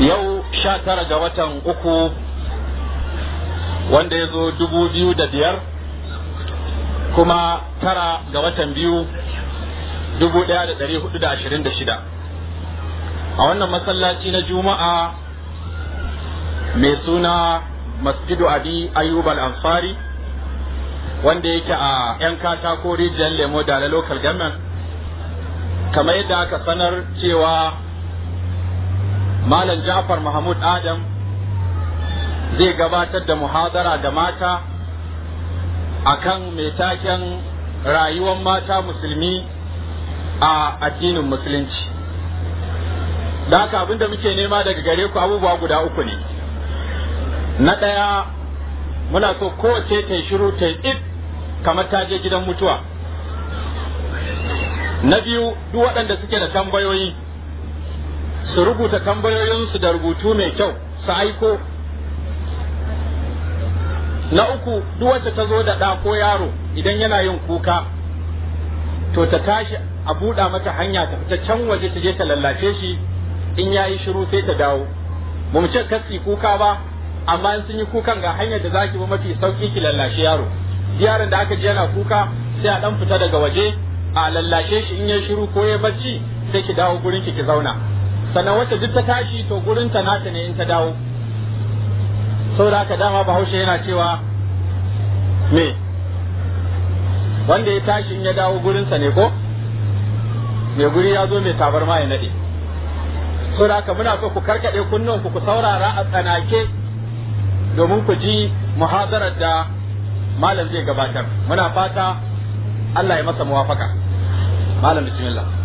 yau sha tara ga watan uku wanda ya zo dubu biyu da biyar kuma tara ga watan biyu dubu ɗaya da ɗari hudu da ashirin da shida a wannan masallaci na juma'a mai suna masjidu abi ayyub al-ansari wanda yake a 'yan katako rijiyar lemo da local government kamar yadda aka sanar cewa malam ja'far mahmud adam zai gabatar da muhadara da mata akan mai taken rayuwar mata musulmi a addinin musulunci da haka abinda muke nema daga gare ku abubuwa guda uku ne na ɗaya muna so kowace ta shiru ta id kamar ta je gidan mutuwa na biyu duk waɗanda suke da tambayoyi su rubuta tambayoyinsu da rubutu mai kyau su aiko na uku duk wacce ta zo da ɗa ko yaro idan yana yin kuka to ta tashi a buɗa mata hanya ta fita can waje ta je ta lallace shi in ya yi shiru sai ta dawo ba mu ce kasi kuka ba amma in sun yi kukan ga hanyar da za ki ba mafi sauki ki lallashe yaro yaron da aka je yana kuka sai a ɗan fita daga waje a lallashe shi in ya shiru ko ya bacci sai ki dawo gurin ki ki zauna sannan wacce duk ta tashi to gurin ta nata ne in ta dawo saboda haka dama bahaushe yana cewa me wanda ya tashi in ya dawo gurinsa ne ko mai guri ya zo mai tabarma ya nade saboda haka muna so ku karkade kunnen ku ku saurara a tsanake domin ku ji muhazarar da malam zai gabatar muna fata Allah ya masa muwafaka malam bismillah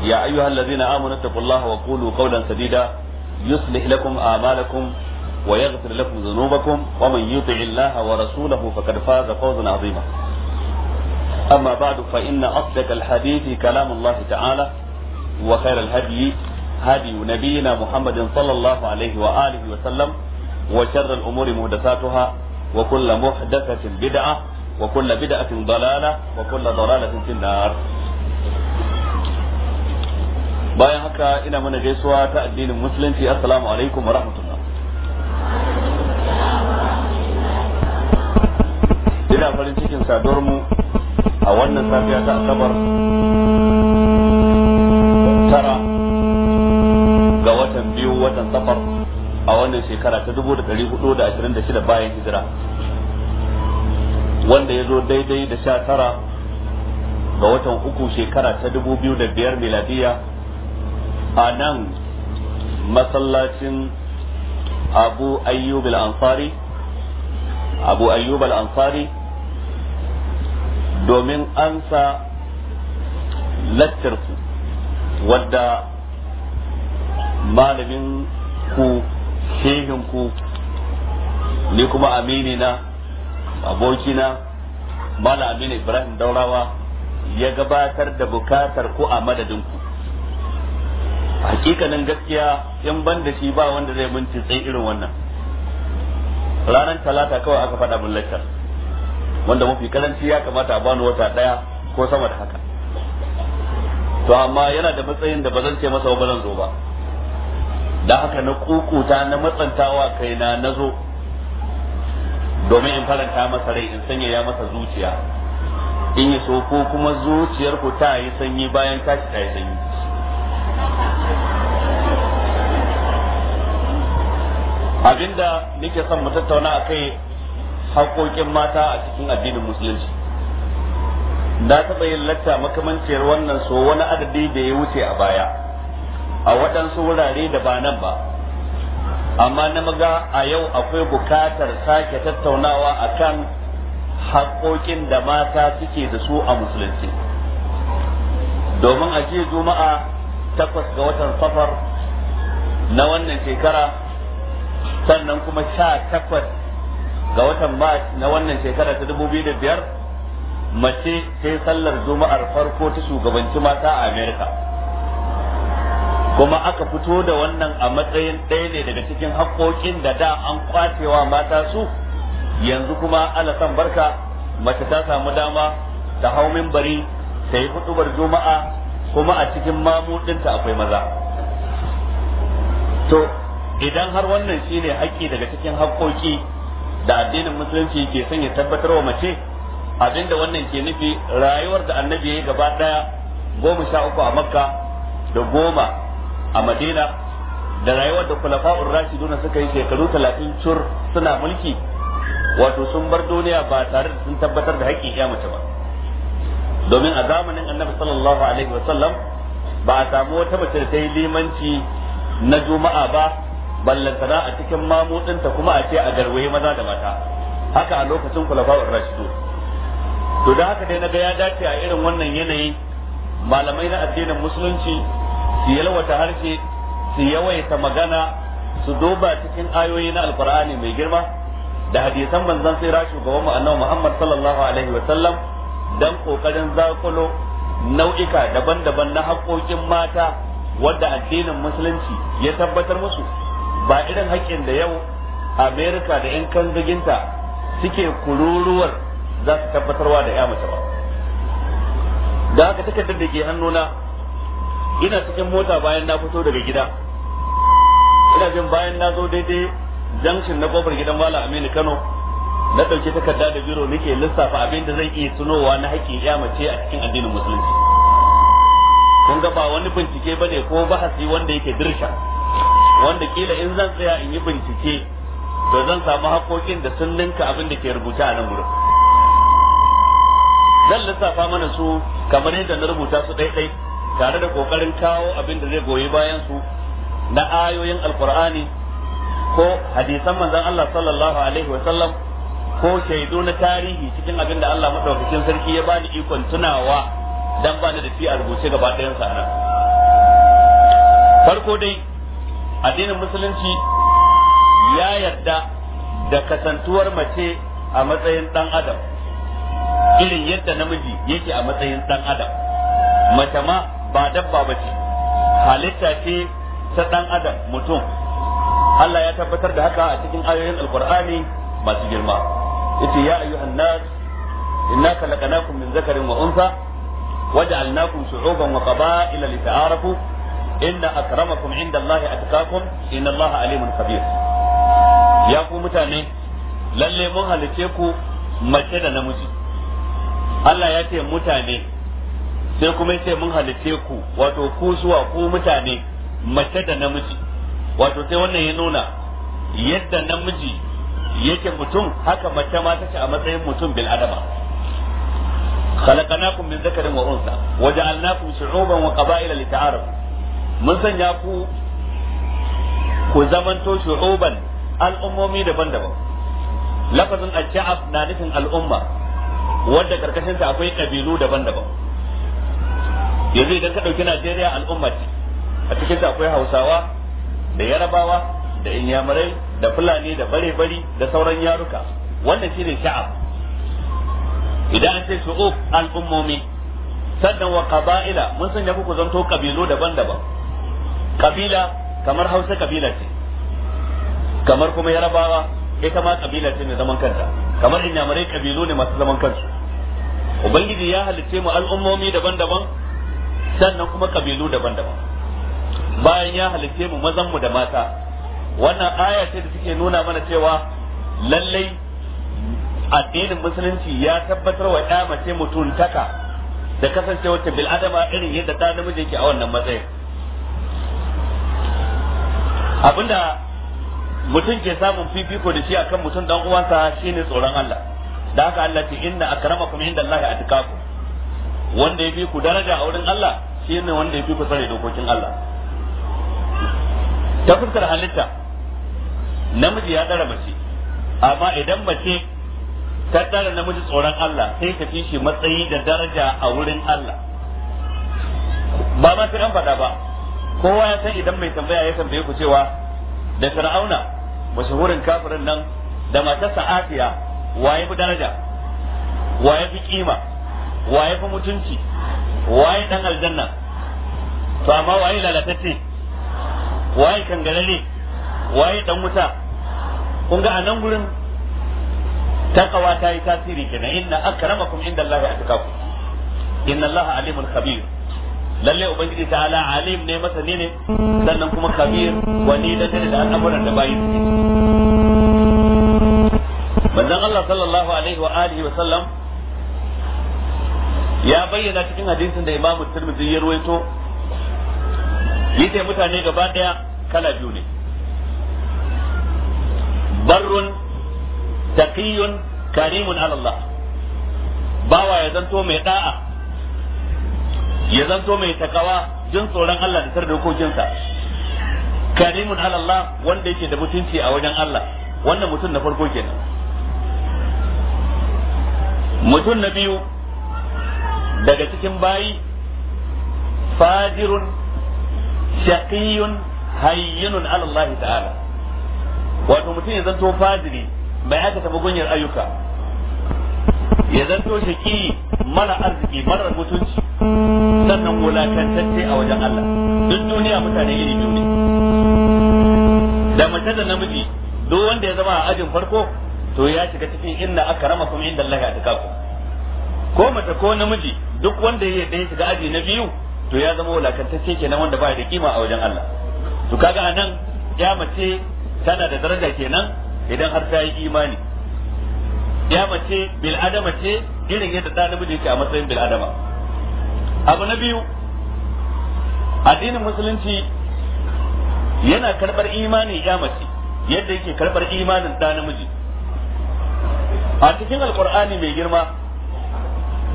يا أيها الذين آمنوا اتقوا الله وقولوا قولا سديدا يصلح لكم أعمالكم ويغفر لكم ذنوبكم ومن يطع الله ورسوله فقد فاز فوزا عظيما أما بعد فإن أصدق الحديث كلام الله تعالى وخير الهدي هدي نبينا محمد صلى الله عليه وآله وسلم وشر الأمور محدثاتها وكل محدثة بدعة وكل بدعة ضلالة وكل ضلالة في النار bayan haka ina mana gaisuwa ta addinin musulunci assalamu alaikum wa rahmatullah ina farin cikin saduwar mu a wannan safiya ta asabar tara ga watan biyu watan safar a wannan shekara ta dubu da dari hudu da ashirin da shida bayan hijira wanda ya zo daidai da sha tara ga watan uku shekara ta dubu biyu da biyar miladiya a nan masallacin abu ayyub al-ansari abu ayyub al-ansari domin ansa lattarku wadda malamin ku ku ni kuma amini na abokina malam ibrahim daurawa ya gabatar da bukatar ku a madadinku hakikanin gaskiya in ban da shi ba wanda zai binci tsaye irin wannan ranar talata kawai aka faɗa min lakar wanda mafi karanci ya kamata a bani wata ɗaya ko sama da haka to amma yana da matsayin da ba zan ce masa ba zan zo ba da haka na kukuta na matsantawa kai na zo domin in faranta masa rai in sanya ya masa zuciya in yi so ko kuma zuciyar ku ta yi sanyi bayan tashi ta yi sanyi abinda nake son mu tattauna a kai haƙoƙin mata a cikin addinin musulunci Na taɓa yin latta makamanciyar wannan so wani adadi da ya wuce a baya a waɗansu wurare da ba nan ba amma na maga a yau akwai bukatar sake tattaunawa akan kan haƙoƙin da mata suke da su a musulunci domin a jiya juma'a takwas ga watan safar na wannan shekara sannan kuma sha takwas ga watan Mars na wannan shekara ta dubu biyu da biyar mace ta yi sallar juma'ar farko ta shugabanci mata a Amerika. Kuma aka fito da wannan a matsayin ɗaya ne daga cikin haƙoƙin da da an kwacewa mata su yanzu kuma alasan barka mace ta samu dama ta hau mimbari ta yi hudubar juma'a kuma a cikin mamudinta akwai maza. To, idan har wannan shine haƙƙi daga cikin haƙƙoƙi da addinin musulunci ke son ya tabbatar wa mace abinda wannan ke nufi rayuwar da annabi ya yi gaba ɗaya goma sha uku a makka da goma a madina da rayuwar da kulafa'ur duna suka yi shekaru talatin cur suna mulki wato sun bar duniya ba tare da sun tabbatar da haƙƙi ya mace ba domin a zamanin annabi sallallahu alaihi sallam ba a samu wata mace da ta yi limanci na juma'a ba ballantana a cikin mamudinta kuma a ce a garwaye maza da mata haka a lokacin kulafa'ur rashidu to da haka dai na ga ya dace a irin wannan yanayi malamai na addinin musulunci su yalwata harshe su yawaita magana su duba cikin ayoyi na alkur'ani mai girma da hadisan manzon sai rashu ga annabi Muhammad sallallahu alaihi wa sallam dan kokarin zakulo nau'ika daban-daban na haƙoƙin mata wadda addinin musulunci ya tabbatar musu ba irin haƙƙin da yau amerika da yan kanzaginta suke kururuwar za su tabbatarwa da ya mace ba da haka takardar da ke hannuna ina cikin mota bayan na fito daga gida ina jin bayan na zo daidai junction na kofar gidan mala aminu kano na ɗauki takarda da biro nake lissafa abin da zan iya tunowa na haƙƙin ya mace a cikin addinin musulunci kun ga ba wani bincike bane ko bahasi wanda yake dirsha wanda kila in zan tsaya in yi bincike to zan samu haƙoƙin da sun ninka abin da ke rubuta a nan wurin zan lissafa mana su kamar yadda na rubuta su ɗaiɗai tare da ƙoƙarin kawo abin da zai goyi bayan su na ayoyin alkur'ani ko hadisan manzon Allah sallallahu alaihi wa sallam ko shaidu na tarihi cikin abin da Allah madaukakin sarki ya bani ikon tunawa dan bani da fi a rubuce gaba ɗayan sa nan farko dai addinin musulunci ya yarda da kasantuwar mace a matsayin dan adam irin yadda namiji yake a matsayin dan adam mace ma ba dabba ba halitta ce ta dan adam mutum Allah ya tabbatar da haka a cikin ayoyin alkur'ani masu girma yace ya ayyuhan nas inna khalaqnakum min zakarin wa unsa waja'alnakum shu'uban wa qaba'ila lita'arafu inna akramakum indallahi atqakum innallaha alimun khabir ya ku mutane lalle mun halice ku mace da namiji Allah ya ce mutane sai kuma ce mun halice ku wato ku zuwa ku mutane mace da namiji wato sai wannan ya nuna yadda namiji yake mutum haka mace ma tace a matsayin mutum bil adama khalaqnakum min dhakarin wa unsa waja'alnakum shu'uban wa qaba'ila lita'arafu mun sanya ku ku zamanto shu'uban al'ummomi daban-daban lafazin al-sha'ab na nufin al'umma wanda karkashin ta akwai kabilu daban-daban yanzu idan ka dauki Najeriya al'umma ce a cikin ta akwai Hausawa da Yarabawa da Inyamurai da Fulani da Bare-bari da sauran yaruka wannan shine sha'ab idan an ce shu'ub al'ummomi sannan wa qaba'ila mun sanya ku zanto kabilu daban-daban kabila kamar hausa kabila ce kamar kuma yarabawa ita ma kabila ce mai zaman kanta kamar inyamurai kabilu ne masu zaman kansu ubangiji ya halitte mu al'ummomi daban-daban sannan kuma kabilu daban-daban bayan ya halitte mu mazan mu da mata wannan aya ce da take nuna mana cewa lallai addinin musulunci ya tabbatar wa ya mace mutuntaka da kasancewa ta bil'adama irin yadda ta namiji yake a wannan matsayin abinda mutum ke samun fifiko da shi akan mutum dan uwansa shine tsoron Allah da haka Allah ce inna akramakum indallahi atqakum wanda ya fi ku daraja a wurin Allah shine wanda ya fi ku tsare dokokin Allah ta fuskar halitta namiji ya dara mace amma idan mace ta dara namiji tsoron Allah sai ta fi shi matsayi da daraja a wurin Allah ba ma sai an faɗa ba kowa ya san idan mai tambaya ya tambaye ku cewa da fir'auna mashahurin kafirin nan da matarsa afiya waye fi daraja waye fi kima waye fi mutunci waye dan aljanna to amma waye lalatacce waye kangarare waye dan wuta kun ga anan nan gurin takawa ta yi tasiri kenan inna akramakum inda Allah ya atakaku inna Allah alimul khabir lalle ubangiji ta'ala alim ne masani ne sannan kuma kabir wani da da al'amuran da bayin su manzon Allah sallallahu alaihi wa alihi wa sallam ya bayyana cikin hadisin da Imam Tirmidhi ya ruwaito yace mutane gaba daya kala biyu ne barrun taqiyun karimun ala Allah bawa ya zanto mai da'a ya zanto mai takawa jin tsoron Allah da tar dokokinsa karimun Allah wanda yake da mutunci a wajen Allah wannan mutum na farko kenan mutum na biyu daga cikin bayi fajirun shaqiyun hayyinun Allah ta'ala wato mutum ya zanto fajiri bai aka taɓa gunyar ayyuka ya zanto ki mara arziki mara mutunci sannan wulakantacce a wajen Allah duk duniya mutane iri biyu ne da mace da namiji duk wanda ya zama a ajin farko to ya shiga cikin inna akramakum inda Allah ya ko mace ko namiji duk wanda ya da shiga aji na biyu to ya zama wulakantacce kenan wanda ba da kima a wajen Allah to kaga anan ya mace tana da daraja kenan idan har ta yi imani ya mace bil adama ce irin yadda da namiji yake a matsayin bil adama abu na biyu addinin musulunci yana karbar imanin ya mace yadda yake karbar imanin da namiji a cikin alkur'ani mai girma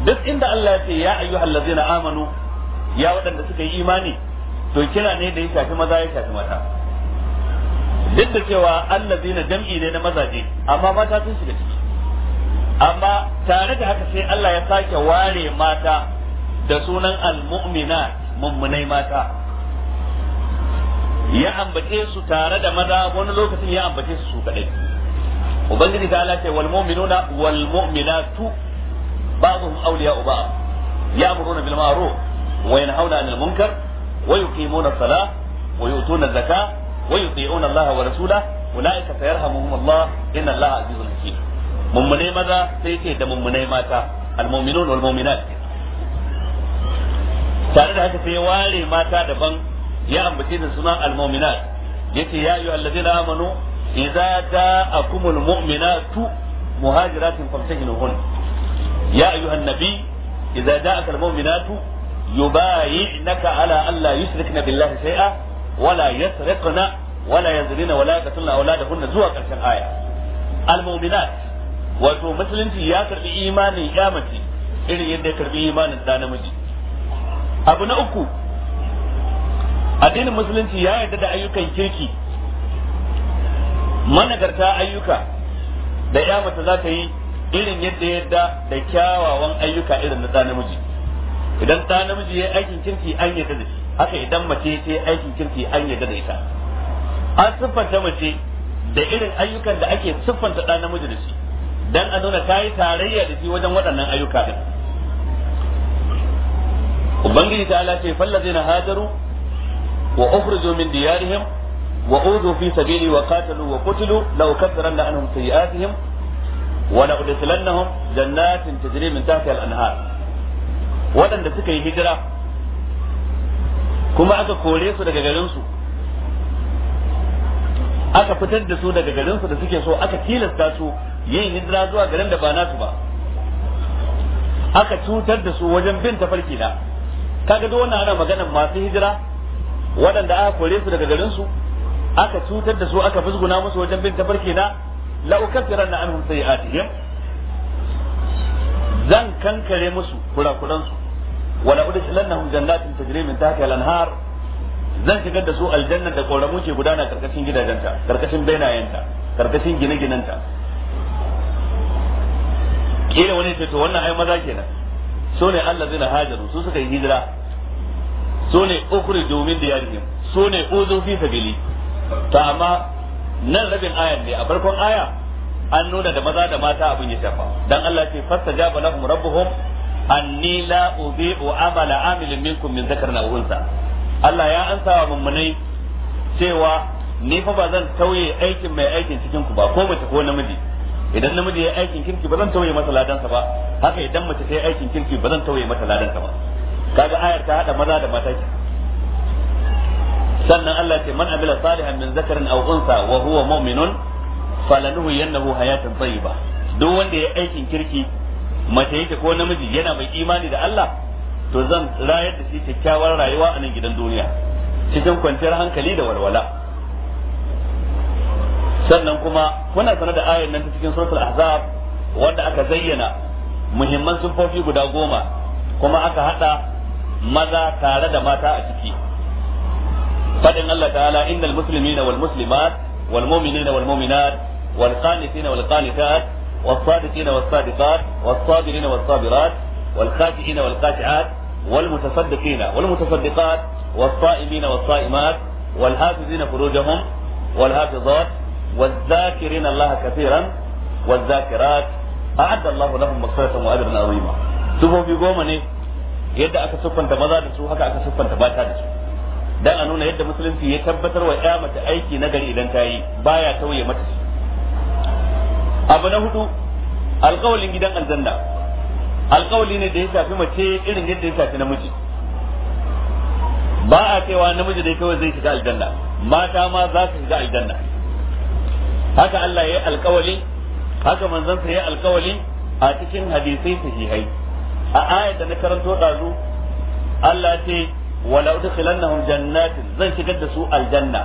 duk inda Allah ya ce ya ayyuhal ladzina amanu ya waɗanda suka yi imani to kira ne da ya shafi maza ya shafi mata duk da cewa allazina jam'i ne na mazaje amma mata sun shiga ciki amma tare da haka sai Allah ya sake ware mata da sunan al mumina mummunai mata ya ambace su tare da maza wani lokacin ya ambace su su kadai ubangiji ta Allah ce wal mu'minuna wal mu'minatu ba'dhum awliya'u ba'd ya'muruna bil ma'ruf wa yanhauna 'anil munkar wa yuqimuna as-salah wa yu'tuna az-zakah wa yuti'una Allah wa rasulahu ulaika sayarhamuhum Allah inna Allah 'azizun hakim mummunai maza sai ke da mummunai mata almu'minun wal mu'minat tare da haka sai ware mata daban ya ambace da suna almu'minat yace ya ayu allazina amanu idza ja'akumul mu'minatu muhajiratin famtahinuhun ya ayu annabi idza ja'aka almu'minatu yubayi'naka ala alla yushrikna billahi shay'a wala yasriqna wala yazrina wala yaqtulna awladahunna zuwa karshen aya almu'minat wato musulunci ya karbi imanin ya mace irin yadda ya karbi imanin da namiji abu na uku addinin musulunci ya yarda da ayyukan kirki managarta ayyuka da ya mace za ta yi irin yadda yadda da kyawawan ayyuka irin na namiji idan ɗa namiji ya aikin kirki an yarda da shi haka idan mace ta yi aikin kirki an yarda da ita an siffanta mace da irin ayyukan da ake siffanta ɗa namiji da shi dan a nuna yi tarayya da shi wajen waɗannan ayyuka ubangiji ta ala ce na hajaru wa ukhrijo min diyarihim wa udhu fi sabili wa qatalu wa qutilu law kafaranna anhum sayi'atihim wa la udkhilannahum jannatin tajri min tahtiha al-anhar waɗanda suka yi hijira kuma aka kore su daga garin su aka fitar da su daga garinsu da suke so aka tilasta su yin hijira zuwa garin da ba nasu ba aka cutar da su wajen bin tafarki na kaga duk wannan ana maganar masu hijira waɗanda aka kore su daga garinsu aka cutar da su aka fusguna musu wajen bin tafarki na la ukaffiranna anhum sayi'atihim zan kankare musu kurakuransu wala udkhilannahum jannatin tajri min tahtiha al-anhar zan shigar da su aljanna da ƙoramu ke gudana karkashin gidajenta karkashin benayenta karkashin gine-ginenta kila wani ce to wannan ai maza kenan so ne Allah zai hajaru su suka yi hijira so ne ukuri domin da yarihim so ne uzu fi sabili ta amma nan rabin ayan ne a farkon aya an nuna da maza da mata abin ya shafa dan Allah ce fastajaba lahum rabbuhum anni la udhi'u amala amilin minkum min zakarna wa unsa Allah ya ansa wa mummunai cewa ni fa ba zan tauye aikin mai aikin cikin ku ba ko mace ko namiji idan namiji ya aikin kirki ba zan tauye masa ladansa ba haka idan mace ta yi aikin kirki ba zan tauye mata ladansa ba kaga ayar ta hada maza da mata sannan Allah ce man amila salihan min zakarin aw unsa wa huwa mu'minun falanuhu yannahu hayatan tayyiba duk wanda ya aikin kirki mace yake ko namiji yana mai imani da Allah to zan rayar da shi kyakkyawar rayuwa a nan gidan duniya cikin kwanciyar hankali da walwala sannan kuma kuna sanar da ayar nan ta cikin suratul ahzab wanda aka zayyana muhimman sufofi guda goma kuma aka hada maza tare da mata a ciki fadin Allah ta'ala innal muslimina wal muslimat wal mu'minina wal mu'minat wal qanitina wal qanitat والصادقين والصادقات والصابرين والصابرات والخاشعين والخاشعات والمتصدقين والمتصدقات والصائمين والصائمات والحافظين فروجهم والحافظات والذاكرين الله كثيرا والذاكرات أعد الله لهم مغفرة وأجرا عظيما سوفوا في goma ne yadda aka siffanta maza da su haka aka siffanta bata da su dan a nuna yadda musulunci ya tabbatar wa ya mata aiki na gari idan ta yi baya tauye mata abu na hudu alkawalin gidan aljanna alkawali ne da ya shafi mace irin yadda ya shafi namiji ba a cewa namiji da kawai zai shiga aljanna mata ma za su shiga aljanna haka Allah ya yi alkawali haka manzon sa ya yi alkawali a cikin hadisai sahihai a ayat da na karanto dazu Allah ce wala udkhilannahum jannatin zan shigar da su aljanna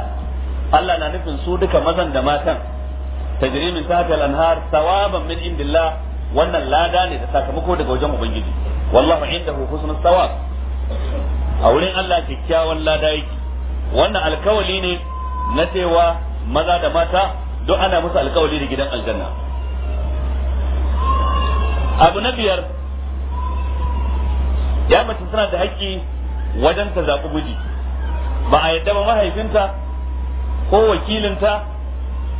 Allah na nufin su duka mazan da matan tajri min tahtiha al-anhar thawaban min indillah wannan lada ne da sakamako daga wajen ubangiji wallahu indahu husnul thawab a wurin Allah kyakkyawan lada yake wannan alkawali ne na cewa maza da mata duk ana musu alkawali da gidan aljanna abu na biyar ya mace tana da haƙƙi wajen ta zaɓi miji ba a yadda ba mahaifinta ko wakilinta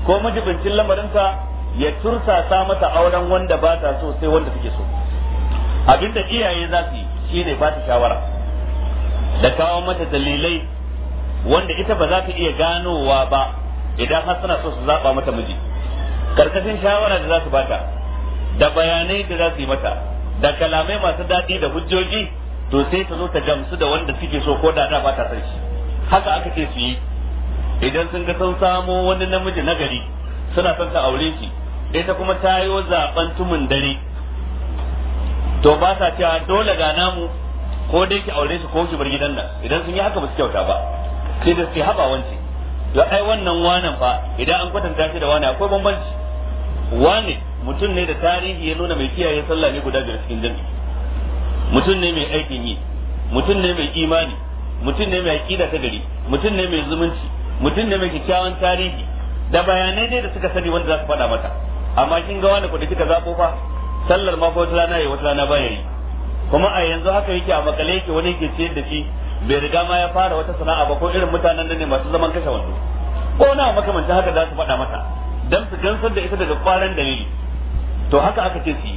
ko majibincin lamarinta ya tursasa mata auren wanda ba ta so sai wanda take so abinda iyaye za su yi shine ba ta shawara da kawo mata dalilai wanda ita ba za ta iya ganowa ba idan har suna so su zaba mata miji karkashin shawara da za su bata da bayanai da za su yi mata da kalamai masu daɗi da hujjoji to sai ta zo ta gamsu da wanda suke so ko da da ba ta san shi haka aka ce su yi idan sun ga sun samo wani namiji nagari suna son ta aure shi ita kuma ta yi zaben tumun dare to ba sa cewa dole ga namu ko dai ki aure su ko ki bar gidan nan idan sun yi haka ba su kyauta ba sai da su haba wance da ai wannan wanan fa idan an kwatanta shi da wani akwai bambanci wane mutum ne da tarihi ya nuna mai kiyaye sallah ne guda biyar cikin jami'i mutum ne mai aikin yi mutum ne mai imani mutum ne mai aqida ta gari mutum ne mai zumunci mutum ne mai kyakkyawan tarihi da bayanai ne da suka sani wanda za su faɗa mata amma kin ga wani kudi kika zabo fa sallar ma wata rana yayi wata rana baya yi kuma a yanzu haka yake a makale yake wani yake ciyar da shi bai riga ma ya fara wata sana'a ba ko irin mutanen da ne masu zaman kashe wando ko na makamancin haka za su faɗa mata dan su gansar da ita daga kwaran dalili to haka aka ce su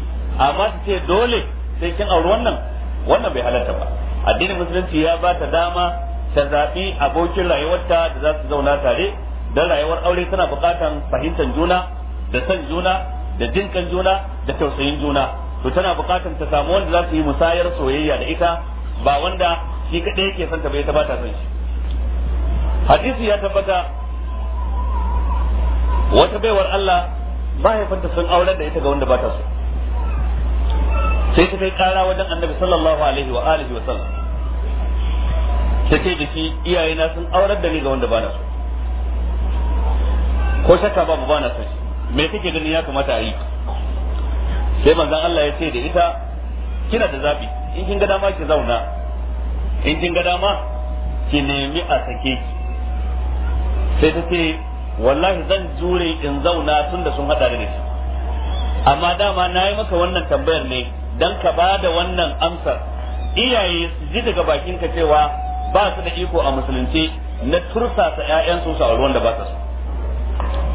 amma su ce dole sai kin auri wannan wannan bai halarta ba addinin musulunci ya ba ta dama ta zaɓi abokin rayuwarta da za su zauna tare don rayuwar aure tana buƙatan fahimtar juna da san juna da jinkan juna da tausayin juna to tana bukatar ta samu wanda za su yi musayar soyayya da ita ba wanda shi kadai yake son ta bai ta bata son shi hadisi ya tabbata wata baiwar Allah mahaifanta sun aurar da ita ga wanda bata so sai ta kai kara wajen annabi sallallahu alaihi wa alihi wa sallam ta ce da shi iyayena sun aurar da ni ga wanda bana so ko shakka babu ba na so me kake ganin ya kamata a yi sai manzon Allah ya ce da ita kina da zabi in kin ga dama ki zauna in kin ga dama ki nemi a sake ki sai ta ce wallahi zan jure in zauna tun da sun hada da shi amma dama na yi maka wannan tambayar ne don ka ba da wannan amsar iyaye su ji daga bakinka cewa ba su da iko a musulunci na tursasa 'ya'yansu su a ruwan da ba su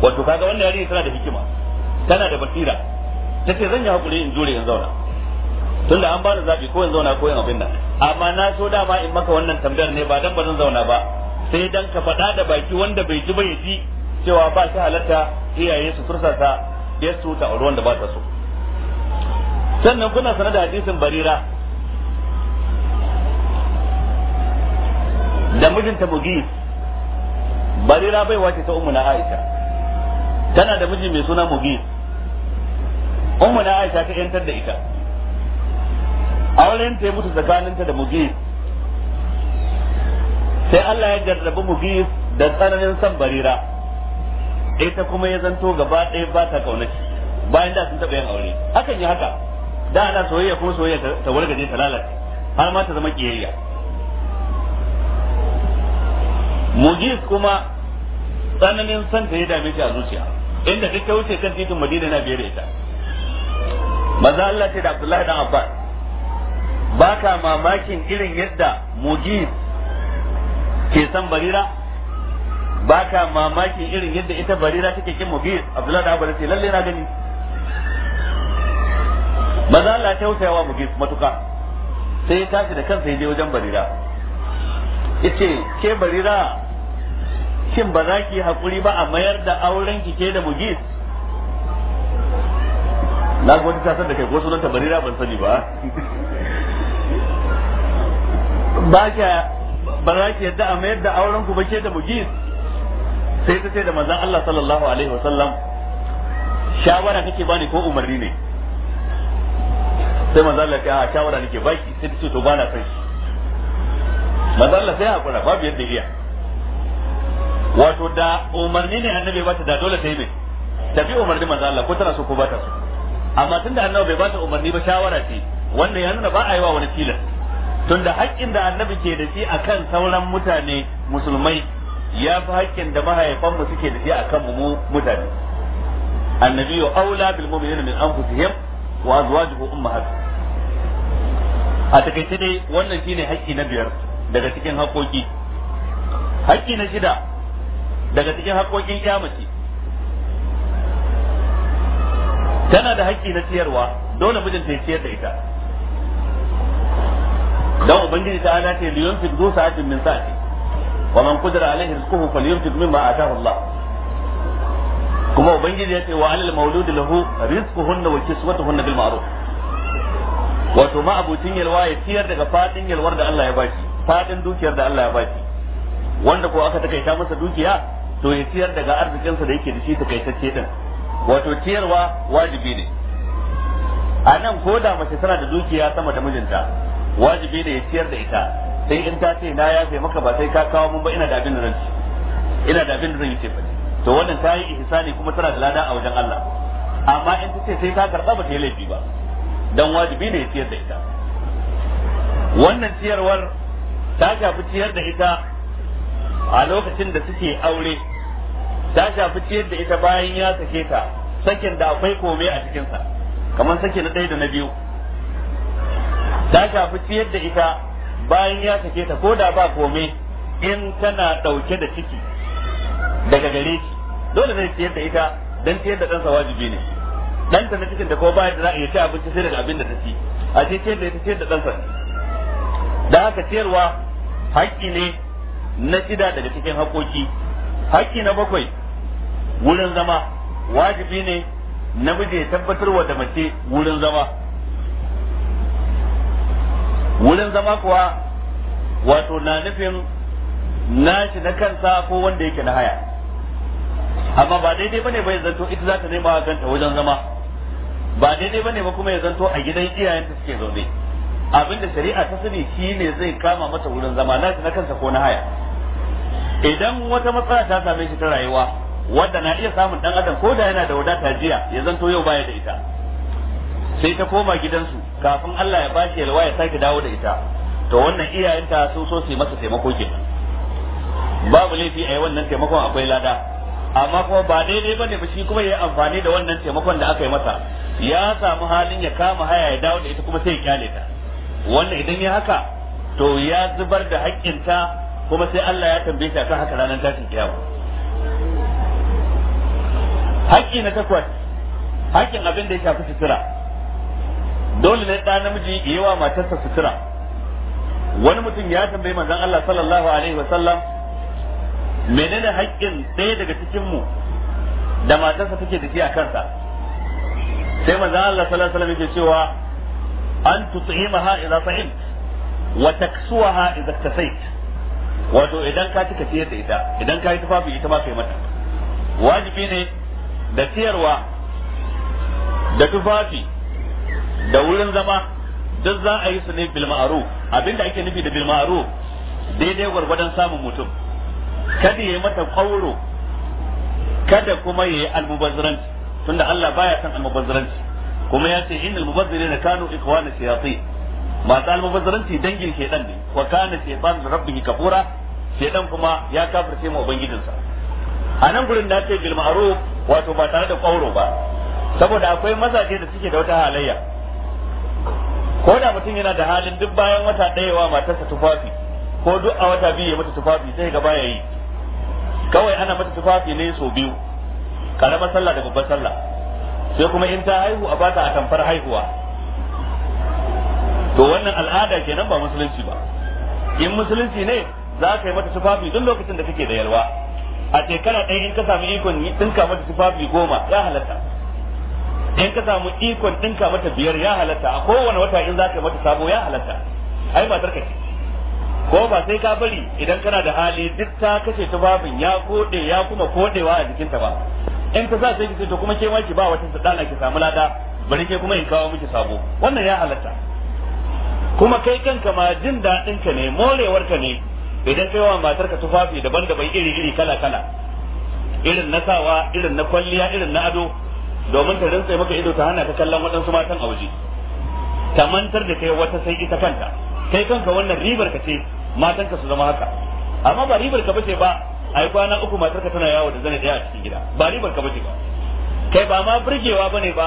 wato kaga wannan yarinya tana da hikima tana da basira ta ce zan yi hakuri in jure in zauna tunda an bani zabi ko in zauna ko in abin nan amma na so dama in maka wannan tambayar ne ba dan ba zan zauna ba sai dan ka faɗa da baki wanda bai ji ba ya ji cewa ba shi halarta iyaye su tursasa ya su ta auri wanda ba ta so sannan kuna sanar da hadisin barira da mijinta mugis barira baiwa ce ta ummu na aisha tana da miji mai suna mugi ummu na aisha ta yantar da ita aurenta ta ya mutu tsakaninta da mugi sai Allah ya jarrabi mugi da tsananin san barira ita kuma ya zanto gaba ɗaya ba ta kaunaci bayan da sun taɓa yin aure Hakan yi haka da ana soyayya kuma soyayya ta wargaje ta lalace har ma ta zama ƙiyayya mujiz kuma tsananin ta ya dame shi a zuciya inda duk ta wuce kan titin madina na biyar ita maza Allah ce da Abdullahi dan Abbas ba ka mamakin irin yadda mujiz ke san barira ba ka mamakin irin yadda ita barira take kin mujiz Abdullahi dan Abbas ce lalle na gani maza Allah ta wuce wa mujiz matuka sai ya tashi da kansa ya je wajen barira ita ke barira shin ba za ki haƙuri ba a mayar da auren ki ke da mugis na ga ta tasar da kai ko sunanta barira ban sani ba ba ki ba za ki yadda a mayar da auren ku ba ke da mugis sai ta ce da manzon Allah sallallahu alaihi wasallam shawara kake bani ko umarni ne sai manzon Allah ya ce a shawara nake baki sai ta ce to bana san shi manzo Allah sai hakura babu yadda iya wato da umarni ne annabi bata da dole sai mai tafi umarni manzo Allah ko tana so ko bata so amma tunda annabi bai bata umarni ba shawara ce wannan ya nuna ba a yi wa wani tilas tunda haƙƙin da annabi ke da shi akan sauran mutane musulmai ya fi haƙƙin da mahaifanmu suke da shi akan mu mutane annabi yo aula bil mu'minina min anfusihim wa azwajuhu ummahatuhum a takaice dai wannan shine haƙƙi na biyar daga cikin haƙoƙi haƙƙi na shida daga cikin haƙoƙin mace. tana da haƙƙi na ciyarwa dole mijin ya ciyar da ita dan ubangiji ta ala ce liyon fi zu sa'atin min sa'ati wa man qadara alaihi rizquhu falyunfiq mimma ataahu Allah kuma ubangiji ya ce wa alal mawlud lahu rizquhunna wa kiswatuhunna bil ma'ruf wato ma abutin yalwa ya ciyar daga fadin yalwar da Allah ya baki fadin dukiyar da Allah ya baki wanda ko aka takaita masa dukiya to ya ciyar daga arzikinsa da yake da shi takaitacce din wato ciyarwa wajibi ne a nan ko da mace tana da dukiya sama da mijinta wajibi ne ya ciyar da ita sai in ta ce na yafe maka ba sai ka kawo mun ba ina da abin da zan ci ina da abin da zan yi to wannan ta yi ihsani kuma tana da lada a wajen Allah amma in ta ce sai ta karɓa ba ta yi laifi ba dan wajibi ne ya ciyar da ita wannan ciyarwar ta shafi ciyar da ita a lokacin da suke aure ta shafi ciyar da ita bayan ya sake ta sakin da akwai kome a cikinsa kamar sakin na ɗaya da na biyu ta shafi ciyar da ita bayan ya sake ta ko da ba kome in tana ɗauke da ciki daga gare shi dole zai ciyar da ita don ciyar da ɗansa wajibi ne ɗanta na cikin da ko bayan da za a iya ci abinci sai daga abin da ta ci a ce ciyar da ita ciyar da ɗansa da haka ciyarwa haƙƙi ne na tsida daga cikin haƙoƙi haƙƙi na bakwai wurin zama wajibi ne namiji ya tabbatarwa da mace wurin zama wurin zama kuwa wato na nufin nashi na kansa ko wanda yake na haya amma ba daidai bane ba ya zanto ita za ta nema kanta wajen zama ba daidai bane ba kuma ya zanto a gidan iyayenta suke zaune Abin da shari'a ta sani shi ne zai kama mata wurin zama na na kansa ko na haya idan wata matsala ta same shi ta rayuwa wadda na iya samun dan adam ko da yana da wadata jiya ya zanto yau baya da ita sai ta koma gidansu kafin Allah ya shi yalwa ya sake dawo da ita to wannan iyayenta sun so su masa taimako kenan babu laifi a yi wannan taimakon akwai lada amma kuma ba daidai bane ba shi kuma ya yi amfani da wannan taimakon da aka yi masa ya samu halin ya kama haya ya dawo da ita kuma sai ya kyale ta wanda idan ya haka to ya zubar da haƙƙinta kuma sai Allah ya tambaye ta haka ranar tashin kiyama haƙƙi na takwas haƙƙin abin da ya shafi sutura dole ne ɗa namiji yi wa matarsa sutura wani mutum ya tambayi manzon Allah sallallahu alaihi wa sallam menene haƙƙin ɗaya daga cikin mu da matarsa take da shi a kansa sai manzon Allah sallallahu alaihi wa sallam yake cewa an tut'imaha idza ta'im wa taksuha idza tasait wato idan ka cika ciyar da ita idan ka yi tufafi ita ma kai mata wajibi ne da ciyarwa da tufafi da wurin zama duk za a yi su ne bil ma'ruf abinda ake nufi da bil ma'ruf daidai gwargwadon samun mutum kada ya yi mata kwauro kada kuma ya yi almubazzaranci tunda Allah baya san almubazzaranci kuma ya ce mubazzari na kano ikwana shayatin masu almubazzaranci dangin ɗan ne wa kana shaytan da rabbihi kafura ɗan kuma ya kafirce mu ubangijinsa a nan gurin da ce bil ma'ruf wato ba tare da kwauro ba saboda akwai mazaje da suke da wata halayya ko da mutum yana da halin duk bayan wata ɗaya wa matarsa tufafi ko duk a wata biyu ya mata tufafi sai ga baya yi kawai ana mata tufafi ne sau biyu karamar sallah da babbar sallah sai kuma in ta haihu a bata a tamfar haihuwa to wannan al'ada kenan ba musulunci ba in musulunci ne za ka yi mata tufafi duk lokacin da kake da yalwa a shekara ɗaya in ka samu ikon ɗinka mata tufafi goma ya halatta in ka samu ikon ɗinka mata biyar ya halatta a kowane wata in za ka yi mata sabo ya halatta ai matar ka ce ko ba sai ka bari idan kana da hali duk ta kashe tufafin ya koɗe ya kuma koɗewa a jikinta ba in ta sa sai ki ce to kuma ke ma ki ba wata sadana ki samu lada bari ke kuma in kawo miki sabo wannan ya halatta kuma kai kanka ma jin daɗin ka ne morewar ka ne idan kai wa matar ka tufafi daban-daban iri-iri kala-kala irin na sawa irin na kwalliya irin na ado domin ta rinsa maka ido ta hana ka kallon waɗansu matan a waje ta mantar da kai wata sai ita kanta kai kanka wannan ribar ka ce matan ka su zama haka amma ba ribar ka bace ba ai kwana uku matar ka tana yawo da zane daya a cikin gida ba ribar ka bace ba kai ba ma burgewa bane ba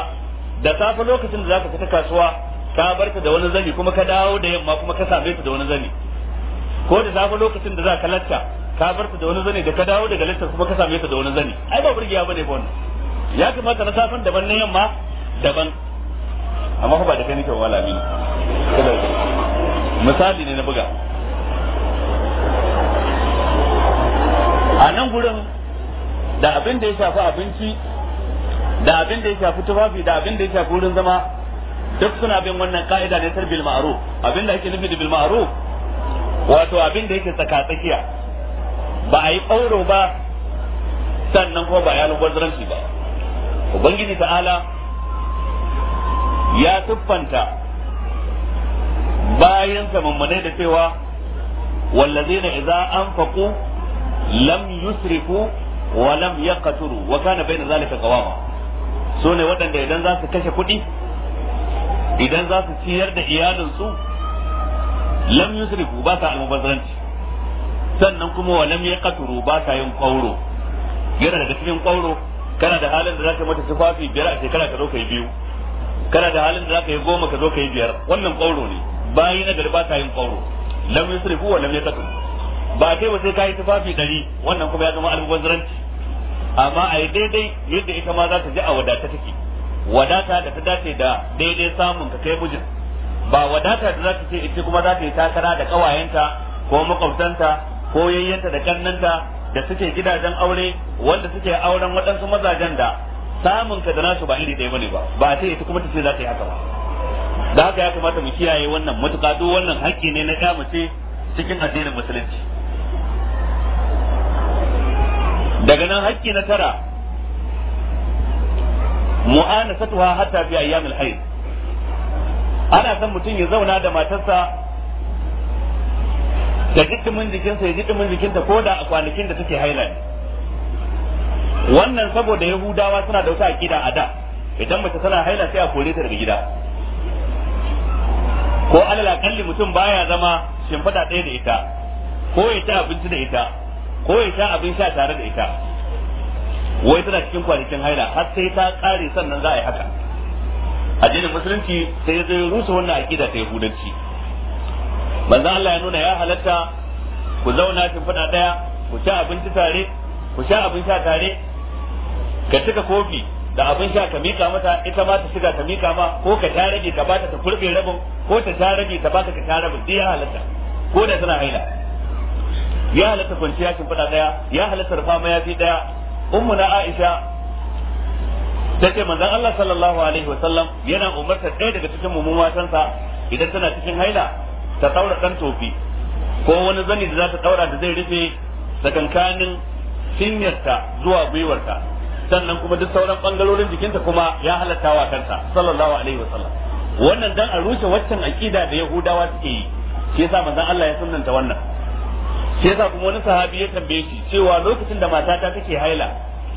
da safe lokacin da zaka fita kasuwa ka barta da wani zani kuma ka dawo da yamma kuma ka same ta da wani zani ko da safe lokacin da zaka latta ka barta da wani zani da ka dawo daga latta kuma ka same ta da wani zani ai ba burgewa bane ba wannan ya kamata na safen daban na yamma daban amma ba da kai nake wala ni misali ne na buga a nan gurin da abin da ya shafi abinci da abin da ya shafi tufafi da abin da ya shafi wurin zama duk suna bin wannan ka'ida ne tar bil ma'ruf abin da ake nufi da bil ma'ruf wato abin da yake tsaka tsakiya ba a yi ɓauro ba sannan kuma ba ya lugwazaranci ba ubangiji ta'ala ya tuffanta bayan samammanai da cewa wallazina idza anfaqu lam yusrifu wa lam yaqturu wa kana baina zalika qawama so ne waɗanda idan za su kashe kuɗi idan za su ciyar da iyalinsu lam yusrifu ba sa almubazzaranci sannan kuma wa lam yaqturu ba sa yin qawro yana daga cikin qawro kana da halin da zaka mata tufafi biyar a shekara ka zo kai biyu kana da halin da zaka yi goma ka zo kai biyar wannan qawro ne bayin na gari ba sa yin qawro lam yusrifu wa lam yaqturu ba kai ba sai ka yi tufafi dari wannan kuma ya zama almubazzaranci amma a yi daidai yadda ita ma za ta ji a wadata take wadata da ta dace da daidai samun ka kai mijin ba wadata da za ta ce ita kuma za ta yi takara da ƙawayenta ko makwabtanta ko yayyanta da kannanta da suke gidajen aure wanda suke auren waɗansu mazajen da samun ka da nasu ba iri ɗaya bane ba ba sai ita kuma ta ce za ta yi haka ba da haka ya kamata mu kiyaye wannan matuƙa duk wannan haƙƙi ne na ya cikin addinin musulunci daga nan hakki na tara mu'anasatuha hatta fi ayyamil hayd ana son mutum ya zauna da matarsa da jikin jikinsa ya jittimin jikinta ko da a kwanakin da take haila wannan saboda yahudawa suna da wata akida a da idan mace tana haila sai a kore ta daga gida ko alal kalli mutum baya zama shimfada ɗaya da ita ko ya ci abinci da ita ko ya sha abin sha tare da ita wai tana cikin kwanakin haila har sai ta kare sannan za a yi haka addinin musulunci sai ya zai rusa wannan aqida ta yahudanci manzo Allah ya nuna ya halatta ku zauna shi fada daya ku ci abinci tare ku sha abin sha tare ka cika kofi da abin sha ka mika mata ita ma ta shiga ta mika ma ko ka ta rage ka bata ta kurbe rabin ko ta ta rage ta baka ka ta rabin duk ya halatta ko da tana haila ya halatta kwanciya kin fada daya ya halatta rufa mayafi ɗaya. ummu na aisha tace manzon Allah sallallahu alaihi wa sallam yana umartar ɗaya daga cikin mu matansa idan tana cikin haila ta ɗaura dan tofi ko wani zani da za ta ɗaura da zai rufe tsakankanin sinyarta zuwa gwiwarta sannan kuma duk sauran bangarorin jikinta kuma ya halatta wa kanta sallallahu alaihi wa sallam wannan dan a rushe waccan aƙida da yahudawa suke yi shi yasa manzon Allah ya sunanta wannan shi yasa kuma wani sahabi ya tambaye shi cewa lokacin da matata take haila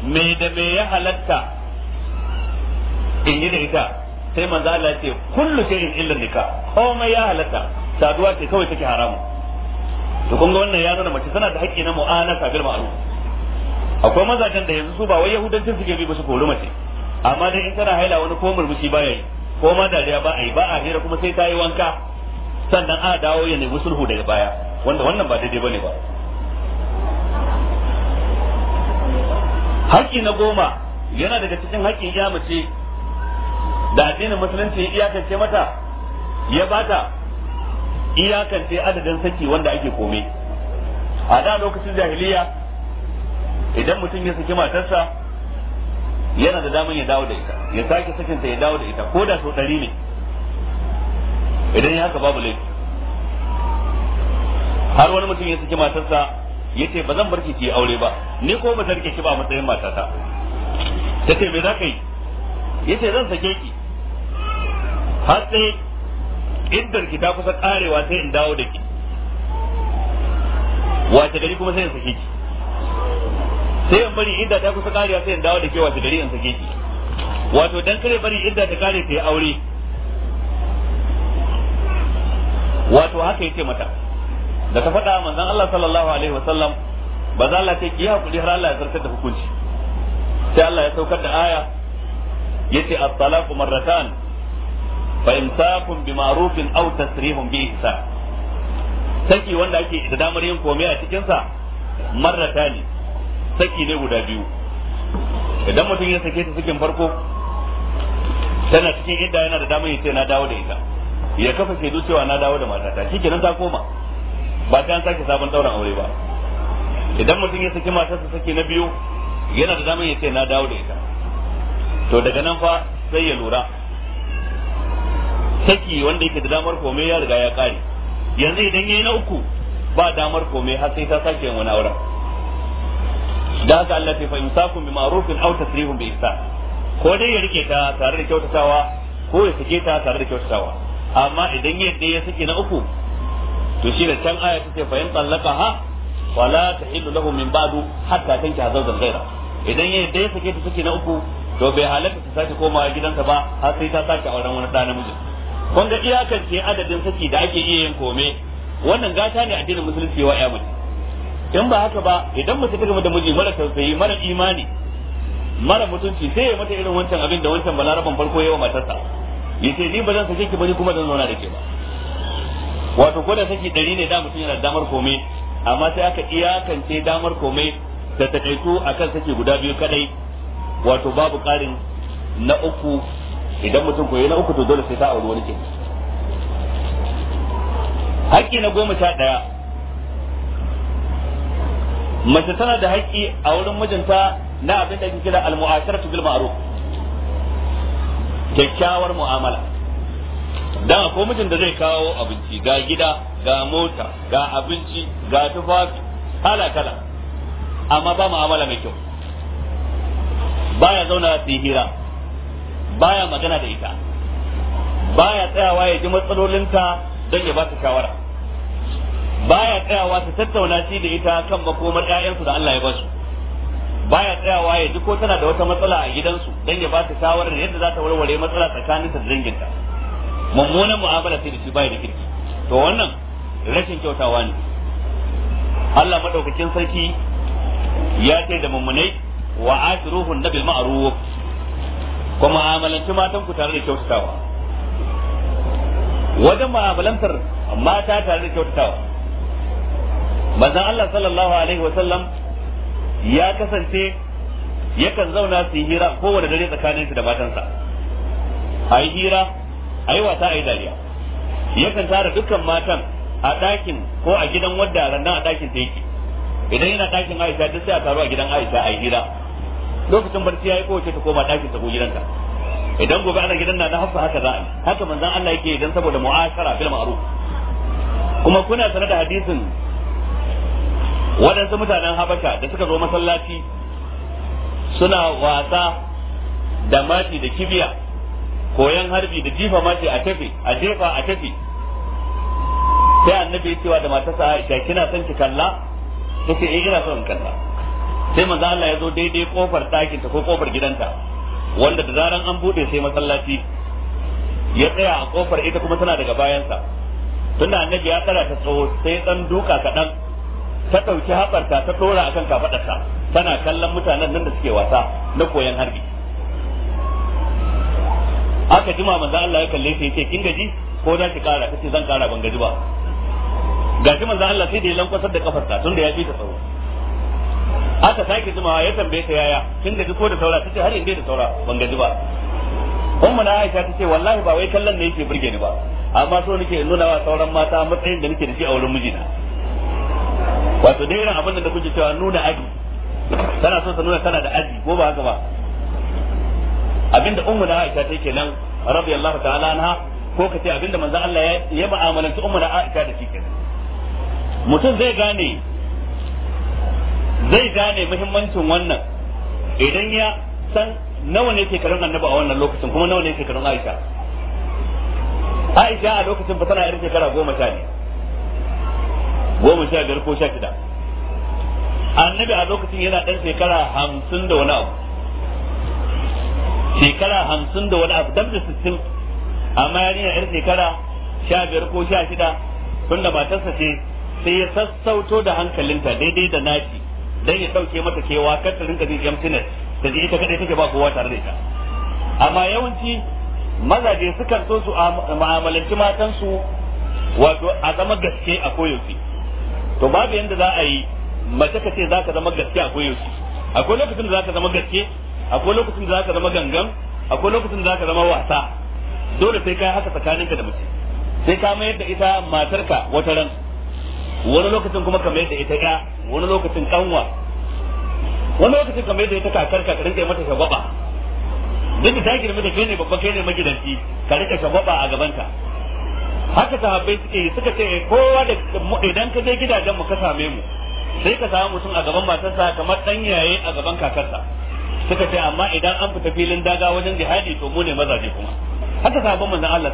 me da me ya halatta in yi da ita sai manzo Allah ya ce kullu shay'in illa nikah komai ya halatta saduwa ce kawai take haramu to kun ga wannan ya nuna mace tana da haƙƙi na mu'anasa bil ma'ruf akwai mazajen da yanzu su ba wai yahudancin suke bi ba su kori mace amma dai in tana haila wani ko murmushi baya yi ko ma dariya ba a yi ba a hira kuma sai ta yi wanka sannan a dawo ya nemi sulhu daga baya wanda wannan ba daidai bane ba haƙƙi na goma yana daga cikin haƙƙin iya mace da addinin musulunci ya iyakance mata ya bata iyakance adadin saki wanda ake kome a da lokacin jahiliya idan mutum ya saki matarsa yana da daman ya dawo da ita ya sake sakinta ya dawo da ita ko da sau ɗari ne idan ya haka babu laifi har wani mutum ya saki matarsa ya ce ba zan bar ki ki aure ba ni ko ba zan ki ba matsayin matata ta ce me za ka yi ya ce zan sake ki har sai iddar ki ta kusa karewa sai in dawo da ki wace gari kuma sai in sake ki sai in bari idda ta kusa karewa sai in dawo da ke wace gari in sake ki wato dan kare bari idda ta kare ta yi aure wato haka yace mata da ta faɗa manzon Allah sallallahu alaihi wasallam ba za Allah ta kiya hakuri har Allah ya zartar da hukunci sai Allah ya saukar da aya yace at-talaqu marratan fa imsakun bi ma'rufin aw tasrihun bi ihsan saki wanda ake da damar yin komai a cikin sa marratan saki ne guda biyu idan mutum ya sake ta cikin farko tana cikin idda yana da damar ya ce na dawo da ita ya kafa shaidu cewa na dawo da matata shikenan ta koma ba ta sake sabon dauran aure ba idan mutum ya saki matarsa sake na biyu yana da damar ya ce na dawo da ita to daga nan fa sai ya lura saki wanda yake da damar komai ya riga ya kare yanzu idan yayi na uku ba damar komai har sai ta sake wani auren da haka Allah ya fa imsakum bi ma'rufin aw tasrihum bi ihsan ko dai ya rike ta tare da kyautatawa ko ya sake ta tare da kyautatawa amma idan yadda ya sake na uku to shi da can aya take fa in tallaka ha wala tahillu lahu min ba'du hatta tanki da ghaira idan yayin da ya sake ta saki na uku to bai halatta ta sake komawa gidansa ba har sai ta sake auren wani dan namiji kun ga iyakan ce adadin saki da ake iya yin kome wannan gata ne addinin musulunci wa ya mutu in ba haka ba idan mace ta gama da miji mara tausayi mara imani mara mutunci sai ya mata irin wancan abin da wancan balaraban farko yawa matarsa yace ni ba zan sake ki bari kuma zan zauna da ke ba wato ko da saki ɗari ne da mutum yana damar komai amma sai aka iyakance damar komai da takaitu akan saki guda biyu kadai wato babu ƙarin na uku idan mutum koyi na uku to dole sai ta auri wani kin haƙƙi na goma sha ɗaya mace tana da haƙƙi a wurin mijinta na abin da ake kira al-mu'asharatu bil ma'ruf kyakkyawar mu'amala dan akwai mijin da zai kawo abinci ga gida ga mota ga abinci ga tufafi kala kala amma ba mu'amala mai kyau baya zauna su hira baya magana da ita baya tsayawa ya ji matsalolinta don ya ba ta shawara baya tsayawa ta tattauna shi da ita kan makomar ƴaƴansu da Allah ya ba su baya tsayawa ya ji ko tana da wata matsala a gidansu don ya ba ta shawarar yadda za ta warware matsala tsakaninta da danginta mummunan mu'amala sai da shi bai da kirki to wannan rashin kyautawa ne Allah madaukakin sarki ya ce da mummunai wa ashiruhun nabil ma'ruf ku mu'amalanci matan ku tare da kyautatawa wajen mu'amalantar mata tare da kyautatawa manzon Allah sallallahu alaihi wa sallam ya kasance yakan zauna su yi hira kowane dare tsakaninsu da matansa a yi hira yi wasa yi dariya yakan tara dukkan matan a ɗakin ko a gidan wadda rannan a ɗakin ta yake idan yana ɗakin Aisha duk sai a taru a gidan Aisha a hira lokacin barci yayi kowace ta koma ɗakin ta ko gidanta idan gobe ana gidan na hafsa haka za a yi haka manzon Allah yake idan saboda mu'ashara fil ma'ruf kuma kuna sanar da hadisin waɗansu mutanen habasha da suka zo masallaci suna wasa da mati da kibiya koyan harbi da jifa ma ce a tafi a jefa a tafi sai annabi ya cewa da matarsa Aisha kina son ki kalla tace eh kina son kalla sai manzo Allah ya zo daidai kofar ɗakin ta ko kofar gidanta wanda da zaran an bude sai masallaci ya tsaya a kofar ita kuma tana daga bayansa tunda annabi ya tsara ta tsawo sai dan duka kaɗan ta ɗauki haɓarta ta ɗora akan kafaɗarta, tana kallon mutanen nan da suke wasa na koyan harbi aka jima manzo Allah ya kalle sai yace kin gaji ko za ki kara kace zan kara ban gaji ba gaji manzo Allah sai da ya lankwasar da kafarsa tunda ya fi ta tsawo aka sake jimawa ya tambaye ta yaya kin gaji ko da saura tace har inda da saura ban gaji ba umma na Aisha tace wallahi ba wai kallon ne yake burge ni ba amma so nake nuna wa sauran mata matsayin da nake da shi a wurin mijina wato dai irin abin da kuke cewa nuna aji tana so ta nuna tana da aji ko ba haka ba abinda ummu na Aisha ta nan rabi radiyallahu ta'ala anha ko ka ce abinda manzon Allah ya mu'amalanci ummu na Aisha da shi kenan mutum zai gane zai gane muhimmancin wannan idan ya san nawa ne shekarun annabi a wannan lokacin kuma nawa ne shekarun Aisha Aisha a lokacin ba tana yar shekara goma sha ne goma sha biyar ko sha shida annabi a lokacin yana ɗan shekara hamsin da wani abu shekara hamsin da wani abu dab da sittin amma yarinya yar shekara sha biyar ko sha shida tun da matarsa ce sai ya sassauto da hankalinta daidai da naci dan ya dauke mata kewa kar ta rinka jin emptiness ta ji ita kadai take ba kowa tare da ita amma yawanci mazaje sukan so su mu'amalanci matansu wato a zama gaske a koyaushe to babu yanda za a yi mace ka ce za ka zama gaske a koyaushe akwai lokacin da za ka zama gaske akwai lokacin da zaka zama gangan akwai lokacin da zaka zama wasa dole sai kai haka tsakaninka da mace sai ka mayar da ita matarka wata ran wani lokacin kuma ka mayar da ita ya wani lokacin kanwa wani lokacin ka mayar da ita kakarka ka rinka mata shagwaba duk da ta girma da kai ne babba kai ne magidanci ka rinka shagwaba a gabanta haka sahabbai suke yi suka ce kowa da idan ka je gidajen mu ka same mu sai ka samu mutum a gaban matarsa kamar dan yaye a gaban kakarsa suka ce amma idan an fita filin daga wajen jihadi to mu ne mazaje kuma haka sahabban manzon Allah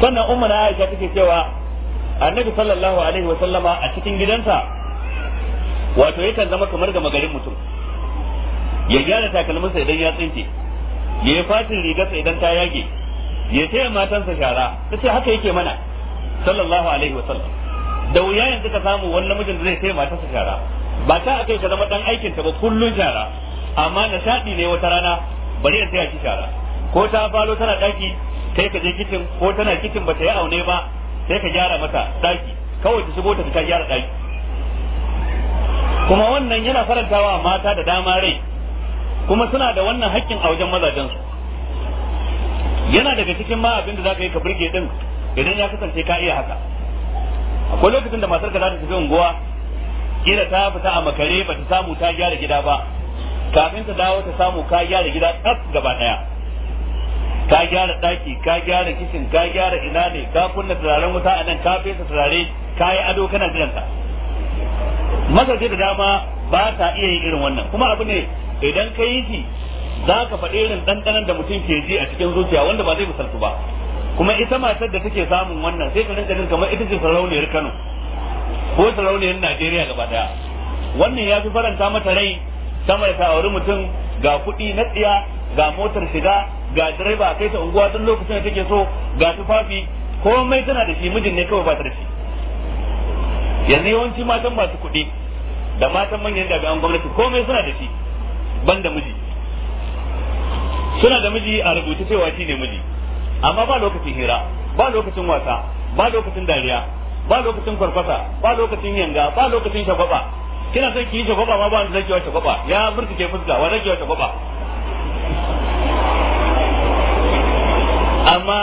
sannan ummu na Aisha take cewa annabi sallallahu alaihi wa sallama a cikin gidansa wato yakan zama kamar ga magarin mutum ya gyara takalminsa idan ya tsinke ya yi fatin rigarsa idan ta yage ya taya matansa shara ta ce haka yake mana sallallahu alaihi wa sallam da wuya yanzu ka samu wani namijin da zai taya matansa shara ba ta akai ka zama dan aikin ta ba kullun shara amma na shaɗi ne wata rana bari in taya ki shara ko ta falo tana ɗaki sai ka je kicin ko tana kicin ba ta yi aune ba sai ka gyara mata ɗaki kawai ta shigo ta fita gyara ɗaki kuma wannan yana farantawa mata da dama rai kuma suna da wannan haƙƙin a wajen mazajen su yana daga cikin ma abin da za ka yi ka burge din idan ya kasance ka iya haka akwai lokacin da matar ka za ta tafi unguwa kila ta fita a makare ba ta samu ta gyara gida ba kafin ta dawo ta samu ka gyara gida tsaf gaba daya ka gyara daki ka gyara kishin ka gyara ina ne ka kunna turaren wuta a nan ka fesa turare ka yi ado kana jiranta masarci da dama ba ta iya yin irin wannan kuma abu ne idan ka yi shi za ka faɗi irin ɗanɗanon da mutum ke ji a cikin zuciya wanda ba zai misaltu ba kuma ita matar da take samun wannan sai ka rinka jin kamar ita ce sarauniyar Kano ko sarauniyar Najeriya gaba daya wannan ya fi faranta mata rai sama da ta auri mutum ga kuɗi na tsiya ga motar shiga ga direba kai ta unguwa duk lokacin da take so ga tufafi komai tana da shi mijin ne kawai ba ta da shi yanzu yawanci matan masu kuɗi da matan manyan jami'an gwamnati komai suna da shi ban da miji suna da miji a rubuce cewa shi ne miji amma ba lokacin hira ba lokacin wasa ba lokacin dariya ba lokacin kwarfasa ba lokacin yanga ba lokacin shagwaba kina son ki yi shagwaba ma ba zan zai kiwa shagwaba ya ke fuska wa zai kiwa shagwaba amma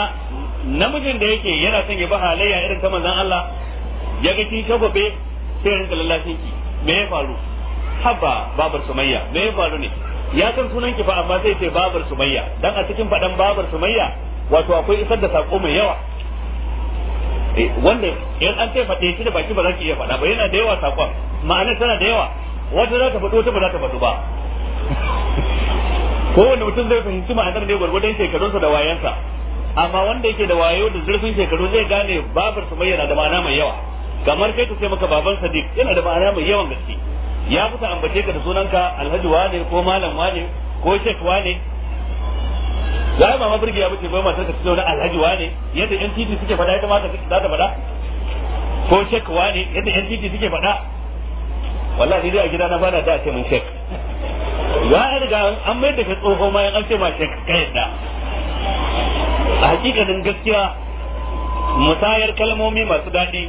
namijin da yake yana son ya ba halayya irin ta manzon Allah ya ga kin shagwabe sai rinka lallashin ki me ya faru haba babar sumayya me ya faru ne ya san sunan ki fa amma sai ce babar sumayya dan a cikin fadan babar sumayya wato akwai isar da sako mai yawa Eh, wanda in an ce faɗe shi da baki ba za ki iya faɗa ba yana da yawa sakon ma'ana tana da yawa wata za ta faɗo wata ba za ta faɗo ba kowane mutum zai fahimci ma'anar ne gwargwadon shekarunsa da wayansa amma wanda yake da wayo da zurfin shekaru zai gane babar su bayyana da ma'ana mai yawa kamar kai ka sai maka baban sadiq yana da ma'ana mai yawan gaske ya fita ambace ka da sunanka alhaji wane ko malam wane ko shek wane wai ba ma burgiya bace ba matar ka ta zauna alhaji wane yadda yan titi suke faɗa ita ma ta za ta faɗa ko shek wane yadda yan titi suke faɗa wallahi dai a gida na bana da ce mun shek ya an riga an mai da ka tsoho ma an ce ma shek ka yadda a hakikanin gaskiya musayar kalmomi masu daɗi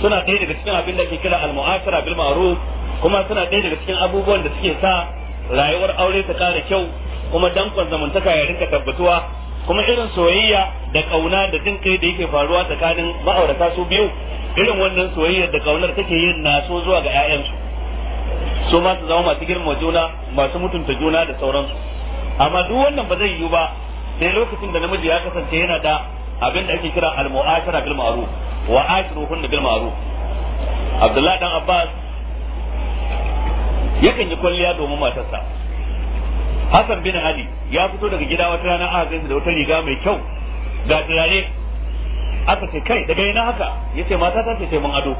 suna ɗaya daga cikin abin da ke kira al muasara bil ma'ruf kuma suna ɗaya daga cikin abubuwan da suke sa rayuwar aure ta ƙara kyau kuma dankon zamantaka ya rinka tabbatuwa kuma irin soyayya da kauna da jin kai da yake faruwa tsakanin ma'aurata su biyu irin wannan soyayya da kaunar take yin naso zuwa ga 'ya'yansu su ma su zama masu girma juna masu mutunta juna da sauransu amma duk wannan ba zai yiwu ba sai lokacin da namiji ya kasance yana da abin da ake kira al-mu'ashara bil ma'ruf wa ashiruhunna bil ma'ruf Abdullahi dan Abbas yakan yi kwalliya domin matarsa Hassan bin Ali ya fito daga gida wata rana a gansa da wata riga mai kyau ga turare aka ce kai daga yana haka ya ce mata ta ce sai mun ado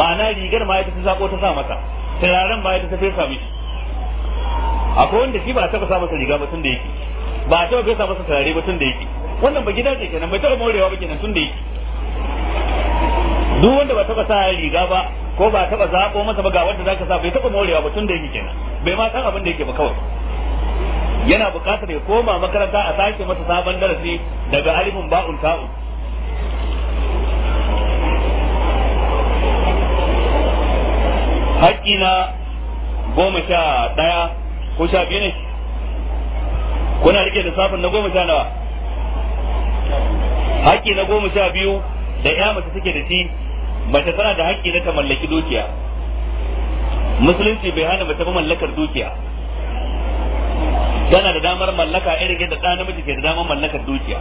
ma'ana rigar ma ita ta zako ta sa masa turaren ma ita ta fesa mishi akwai wanda shi ba a ba sa masa riga ba tun da yake ba a taba fesa masa turare ba tun da yake wannan ba gida ce kenan bai taba morewa ba kenan tun da yake duk wanda ba taba sa riga ba ko ba taba zaɓo masa ba ga wanda zaka sa bai taba morewa ba tun da yake kenan bai ma san abin da yake ba kawai yana buƙatar ya koma makaranta a sake masa sabon darasi daga alifin ba'un ta'un haƙƙi na goma sha ɗaya ko sha biyu ne kuna rike lissafin na goma sha nawa haƙƙi na goma sha biyu da ya mace suke da shi mace tana da haƙƙi na ta mallaki dukiya musulunci bai hana mace ba mallakar dukiya tana da damar mallaka irin yadda ɗan namiji ke da damar mallakar dukiya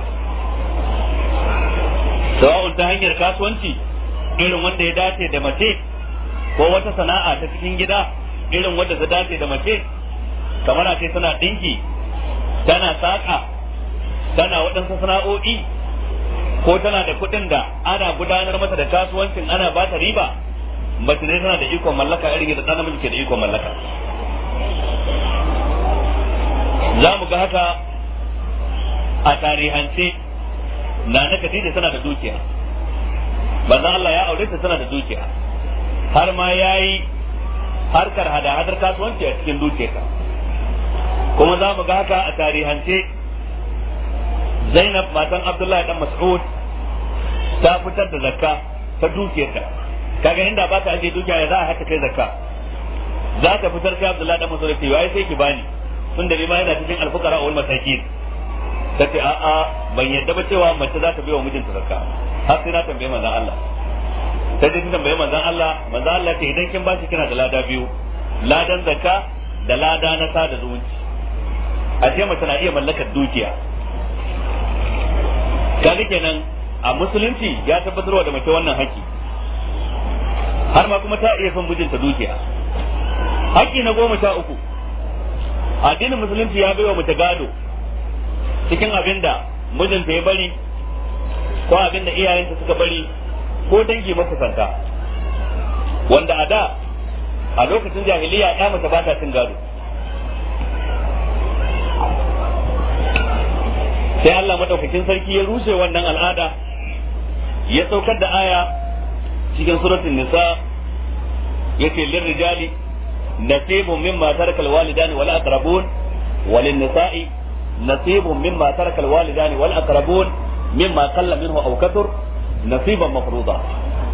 sawa'un ta hanyar kasuwanci irin wanda ya dace da mace ko wata sana'a ta cikin gida irin wanda ta dace da mace kamar a ce tana ɗinki tana saƙa tana waɗansu sana'o'i ko tana da kuɗin da ana gudanar mata da kasuwancin ana ba ta riba mace ne tana da ikon mallaka irin yadda ɗan namiji ke da ikon mallaka za mu ga haka a tarihance na na Khadija tana da dukiya manzon Allah ya aure ta tana da dukiya har ma ya yi harkar hada-hadar kasuwanci a cikin dukiyarta kuma za mu ga haka a tarihance Zainab matan Abdullahi dan Mas'ud ta fitar da zakka ta dukiyarta kaga inda ba ta aje dukiya ya za a haka kai zakka za ta fitar sai Abdullahi dan Mas'ud ya ce wai sai ki bani tun da ma yana cikin alfukara a wani mataki. ta ce a'a ban yadda ba cewa mace za ta biya wa mijinta zakka har sai na tambaye manzon Allah ta ce ta tambaye manzon Allah manzon Allah ce idan kin bashi kina da lada biyu ladan zakka da lada na sada zumunci a ce mace na iya mallakar dukiya kaga kenan a musulunci ya tabbatarwa da mace wannan haƙƙi har ma kuma ta iya son mijinta dukiya haƙƙi na goma sha uku addinin musulunci ya bai wa mace gado cikin abinda mijinta ya bari ko abinda iyayenta suka bari ko dangi makusanta wanda a da a lokacin jahiliya ya mace ba ta cin gado sai Allah madaukakin sarki ya rushe wannan al'ada ya saukar da aya cikin suratul nisa yake lirrijali نصيب مما ترك الوالدان والأقربون وللنساء نصيب مما ترك الوالدان والأقربون مما قل منه أو كثر نصيبا مفروضا